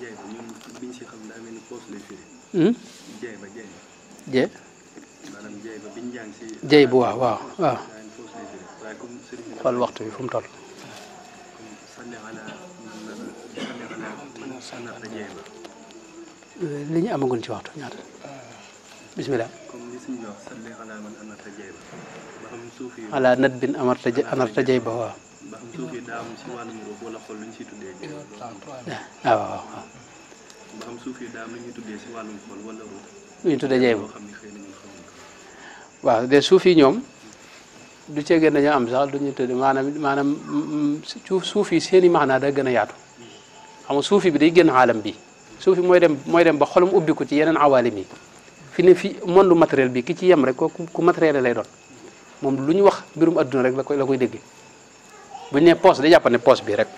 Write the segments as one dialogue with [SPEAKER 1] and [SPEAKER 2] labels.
[SPEAKER 1] jeey ba ñun biñ si xam daa mel ni poos lay firi. jeey hmm? ba jeey. jeey. maanaam jeey ba biñ jàng si. jeey bu waaw waaw waaw. xool waxtu bi fu mu toll. li ñu amagul ci waxtu ñaata. bisimilah. ala nat bin amarta amarta jay ba waaw. ah waaw waaw.
[SPEAKER 2] lu ñu tuddee jay ba.
[SPEAKER 1] waaw de suuf yi ñoom du cee gën dañoo am sax du ñu tuddee maanaam maanaam mm, suuf yi seen i maanaa da gën a yaatu xam nga suuf bi day génn aalam bi suuf yi mooy dem mooy dem ba xolum ubbi ko ci yeneen awaalim yi. fi ne fi monde matériel bi ki ci yem rek kooku ku matériel lay doon moom lu ñu wax mbirum adduna rek la koy la koy déggee bu ñu nee poche day jàpp ne poche bii rek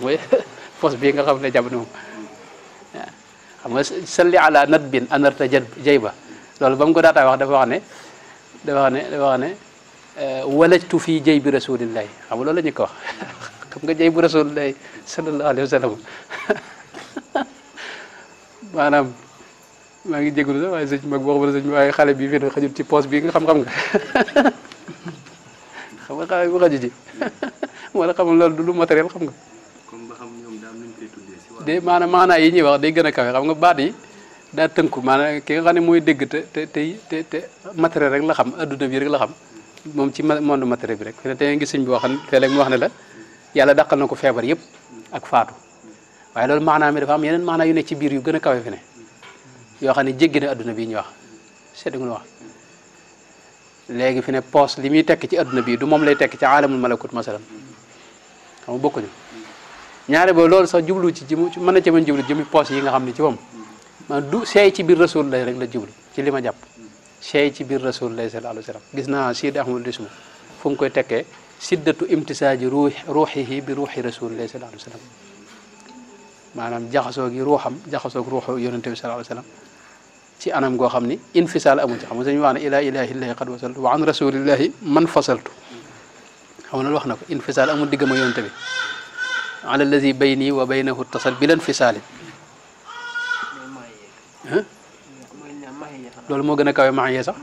[SPEAKER 1] mooy poche bii nga xam ne jàpp ne moom xam nga salli ala nat bin anarta jay ba loolu ba ko daataa wax dafa wax ne wax ne dafa wax ne eh, walajtu fii jay bi rasulillahi xam nga loolu la ñu ko wax xam nga jay bu rasulillahi sallallahu alayhi wa sallam maanaam maa ngi jégalu sax waaye sëñ mag boo xam xale bi fi ne xajul ci poos bi nga xam-xam nga xam nga xale bu xaju ci wala loolu du lu matériel xam nga. comme ba de maanaam maanaa yi ñuy wax day gën a kawe xam nga baat yi daa tënku maanaam ki nga xam ne mooy dégg te te te te matériel rek la xam adduna bi rek la xam moom ci monde matériel bi rek te ne tey ngi sëñ bi waxan léeg-léeg mu wax ne la yàlla dàqal na ko feebar yëpp ak faatu waaye loolu maanaam mi dafa am yeneen maanaa yu ne ci biir yu gën a kawe fi yoo xam ne jéggi na adduna bii ñu wax seetlu nga wax léegi fi ne poos li muy tekk ci adduna bii du moom lay tekk ci aalamul malakut masalan xam nga bokkuñu ñaare ba loolu sax jublu ci jimu mën na ci mën jublu jëmi yi nga xam ne ci moom man du seey ci biir rasul lay rek la jublu ci li ma jàpp seey ci biir rasul lay sallallahu alayhi gis naa sid ahmad disma fu mu koy tekkee siddatu imtisaaji ruux ruuxihi bi ruuxi rasulillahi sallallahu alayhi jaxasoo gi ruuxam jaxasoo gi ruuxu yonente ci anam goo xam ni infisaal amu ci xam nga suñu wax ne ilaa ilahillahi qad man fasaltu xam nga wax na ko infisaal amul digg ma yonte bi ala allazi bayni wa baynahu tasal bi lan fisaalin loolu moo gën a kawe maa sax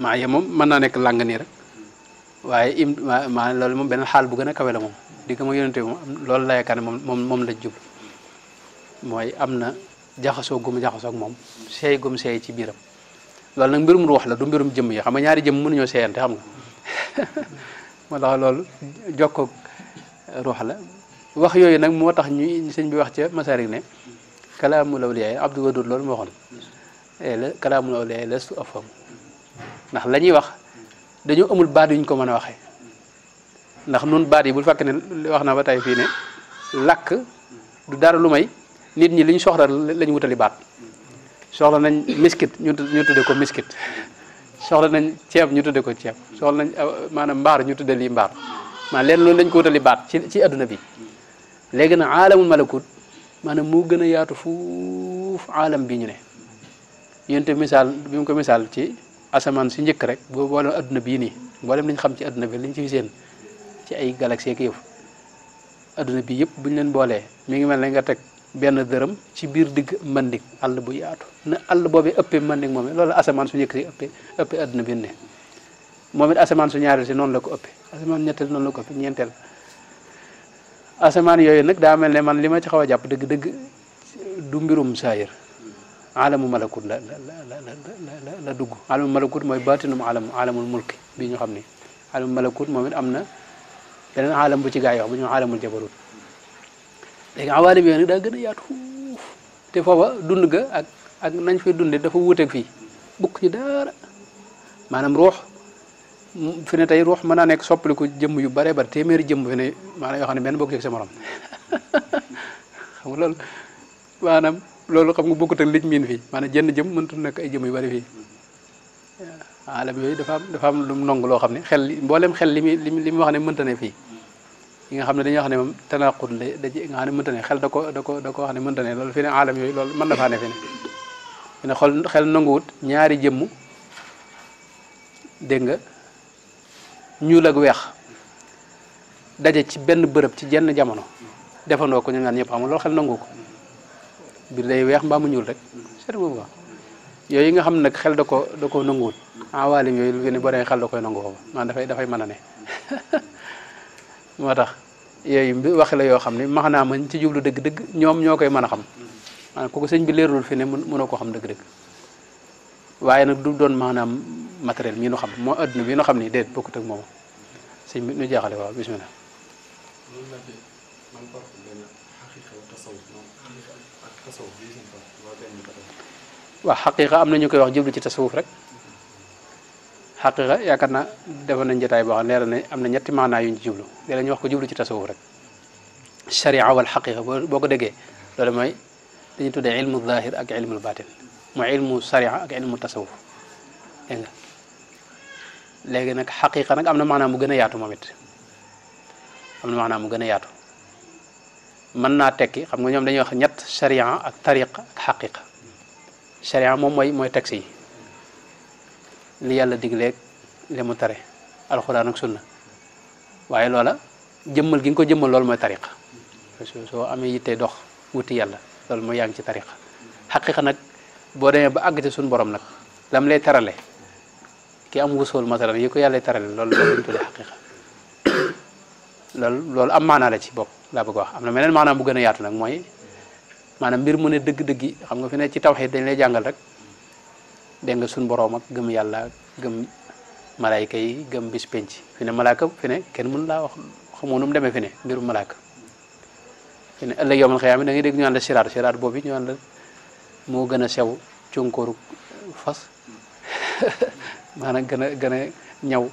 [SPEAKER 1] maa yee moom mën naa nekk làng nii rek waaye im ma loolu moom beneen xaal bu gën a kawe la moom digg ma yonte bi moom loolu la moom moom moom la jublu mooy am na jaxasoo gum jaxasook moom seey gum seey ci biiram loolu nag mbirum ruux la du mbirum jëmm yi xam nga ñaari jëmm ñoo seeyante xam nga moo tax loolu jokkoog ruux la wax yooyu nag moo tax ñuy sëñ bi wax ca masarik ne kalaamu lawliyaa Abdou Wadoud loolu moo waxoon eh, la kalaamu lawliyaa lastu afhamu ndax la wax dañoo amul baat yu ñu ko mën a waxee ndax nun baat yi bul fakk ne wax na ba tey fii ne làkk du dara lu may nit ñi liñ soxla lañ wutali baat soxla nañ miskit ñu ñu tudde ko miskit soxla nañ ceeb ñu tudde ko ceeb soxla nañ euh, manam mbar ñu tudde li mbar ma leen loolu lañ ko wutali baat ci ci aduna bi léegi na alamul malakut manam mo gëna yaatu fuuf alam bi ñu ne yent misal bi mu ko misal ci asaman si ñëk rek bo bo aduna bii nii mboolem liñ xam ci aduna bi liñ ci seen ci ay galaxie ak yëf aduna bi yëpp buñ leen boolee mi ngi mel nga tek benn dërëm ci biir digg Manding àll bu yaatu na àll boobee ëppee Manding moom it loolu asamaan su njëkk si ëppee ëppee àdduna bi ne moom it asamaan su ñaareel si noonu la ko ëppee asamaan ñetteel noonu la ko ëppee ñeenteel asamaan yooyu nag daa mel ne man li ma ci xaw a jàpp dëgg dëgg du mbirum saayir alamu malakut la la la la la dugg alamu malakut mooy baatinum alam alamul mulki bii ñu xam ni alamu malakut moom it am na beneen alam bu ci gaa yi wax bu ñu alamul jabarut léegi awaalim yooyu nag daa gën a yaatu fuuf te foofa dund ga ak ak nañ fay dundee dafa wuuteeg fii bukk ci dara maanaam ruux fi ne tey ruux mën naa nekk soppaliku jëmm yu bare bare téeméeri jëmm fi ne maanaam yoo xam ne benn bokk sa morom xam nga loolu xam nga bokkut ak liñ miin fii maanaam jenn jëm mëntu nekk ay jëmm yu bari fii waaw yooyu dafa dafa am lu mu nong loo xam ne xel li mboolem xel li muy li muy wax ne mënta ne fii yi nga xam ne dañoo wax ne moom tanaqud la da ci nga xam ne mënta ne xel da ko da ko da ko ne mënta loolu fi ne aalam yooyu loolu mën na faa ne fi ne fi ne xel nanguwut ñaari jëmm dégg nga ñuul ak weex daje ci benn bërëb ci jenn jamono defandoo ko ñu naan ñëpp xamul loolu xel nangu ko biir day weex mbaamu ñuul rek seet boobu quoi yooyu nga xam ne nag xel da ko da ko nanguwul awaalim yooyu lu koy nangu dafay dafay mën a ne moo tax yooyu mbi waxi la yoo xam ne maxanaa mañ ci jublu dëgg-dëgg ñoom ñoo koy mën a xam maanaam kooku sëñ bi leerul fi ne mun mënoo ko xam dëgg-dëgg waaye nag du doon maanaam matériel mii nu xam moo adduna bi xam ni de bokkut ak moom sëñ bi nu jaaxale waaw bisimilah waaw xaqiqa am na ñu koy wax jublu ci tasawuf rek xaqiqa yaakaar na defoon nañ jotaay boo xam leeral ne am na ñetti maanaa yuñ ci jublu léeg-léeg ñu wax ko jublu ci tasawuf rek sharia wal xaqiqa boo ko déggee loolu mooy ñu tuddee ilmu zahir ak ilmu batin mooy ilmu sharia ak ilmu tasawuf dégg nga léegi nag xaqiqa nag am na maanaam mu gën a yaatu moom it am na maanaam mu gën a yaatu mën naa tekki xam nga ñoom dañuy wax ñett sharia ak tariqa ak xaqiqa sharia moom mooy mooy texte yi li yàlla digleeg li mu tare alxuraan ak na waaye loola jëmmal gi nga ko jëmmal loolu mooy tariqa soo amee yittee dox wuti yàlla loolu mooy yaa ci tariqa xaqiqa nag boo demee ba àgg ci suñu borom nag lam lay tarale ki am wusool masalan yi ko yàlla tarale loolu loolu lañ tuddee xaqiqa loolu loolu am maanaa la ci bopp laa bëgg wax am na meneen maanaam bu gën a yaatu nag mooy maanaam mbir mu ne dëgg-dëgg xam nga fi ne ci tawxiid dañ lay jàngal rek dégg sun borom ak gëm yalla gëm malaika yi gëm bis penc fi ne malaaka fi ne kenn mën la wax xamoo num mu demee fi ne mbiru malaaka fi ne ëllëg yomal xiyam da ngay dégg ñu naan siraat siraat boobu ñu naan moo gën a sew cunkooru fas maanaam gën a gën a ñaw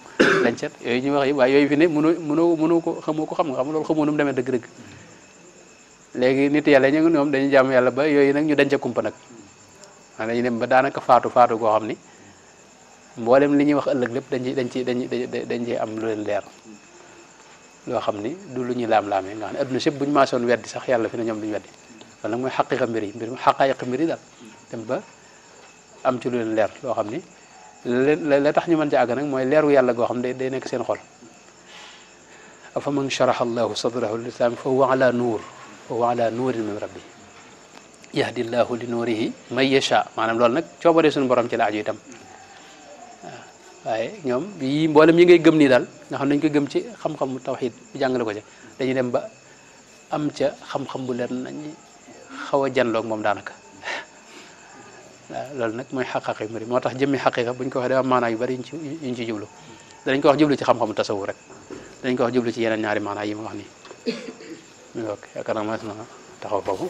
[SPEAKER 1] lancet yooyu ñuy wax yi waaye yooyu fi ne mënu mënu mënu ko xamoo ko xam nga xam loolu xamoo num mu demee dëgg-dëgg léegi nit yàlla ñu ñoom dañu jaamu yàlla ba yooyu nag ñu denca kumpa nag maanaam dañuy dem ba daanaka faatu faatu goo xam ni mboolem li ñuy wax ëllëg lépp dañ ciy dañ ciy dañ ciy am lu leen leer loo xam ni du lu ñuy laam-laamee nga xam ne adduna sépp bu ñu maasoon weddi sax yàlla fi ne ñoom duñu weddi wala mooy xaqiqa mbir yi mbir mu xaqaayiq mbir yi daal dem ba am ci lu leen leer loo xam ni la tax ñu mën ci àgg nag mooy leeru yàlla goo xam ne day nekk seen xol afa man sharaha allahu sadrahu lil islam fa huwa ala nuur fa huwa ala nuurin min rabbi yahdillahu li nuurihi may yasha maanaam loolu nag coobare suñu borom ci la aju itam waaye ñoom yii mboolem mi ngay gëm nii daal nga xam nañ ko gëm ci xam-xamu tawxiid bi jàngale ko ci dañuy dem ba am ca xam bu leen nañ a janloog moom daanaka waaw nag mooy xaqaqa mbir moo tax jëmmi xaqiqa buñ ko waxee maanaa yu bari ci yuñ ci jublu danañ ko wax jublu ci xam-xamu tasawur rek dañ ko wax jublu ci yeneen ñaari maanaa yi ma wax nii ok yaakaar naa ma taxaw foofu